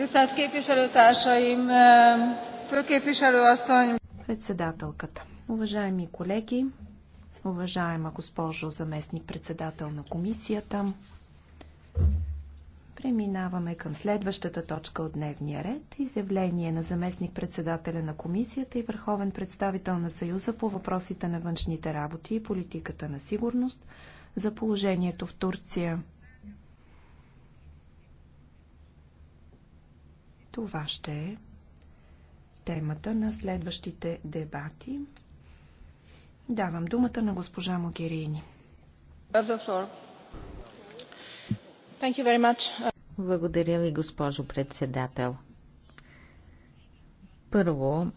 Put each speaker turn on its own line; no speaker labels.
Tisztelt képviselőtársaim, Председателката. Уважаеми колеги, уважаема госпожо заместник председател на комисията, преминаваме към следващата точка от дневния ред. Изявление на заместник председателя на комисията и върховен представител на Съюза по въпросите на външните работи и политиката на сигурност за положението в Турция. Това ще е темата на следващите дебати. Давам думата на госпожа Могерини. Благодаря ви, госпожо председател.
Първо,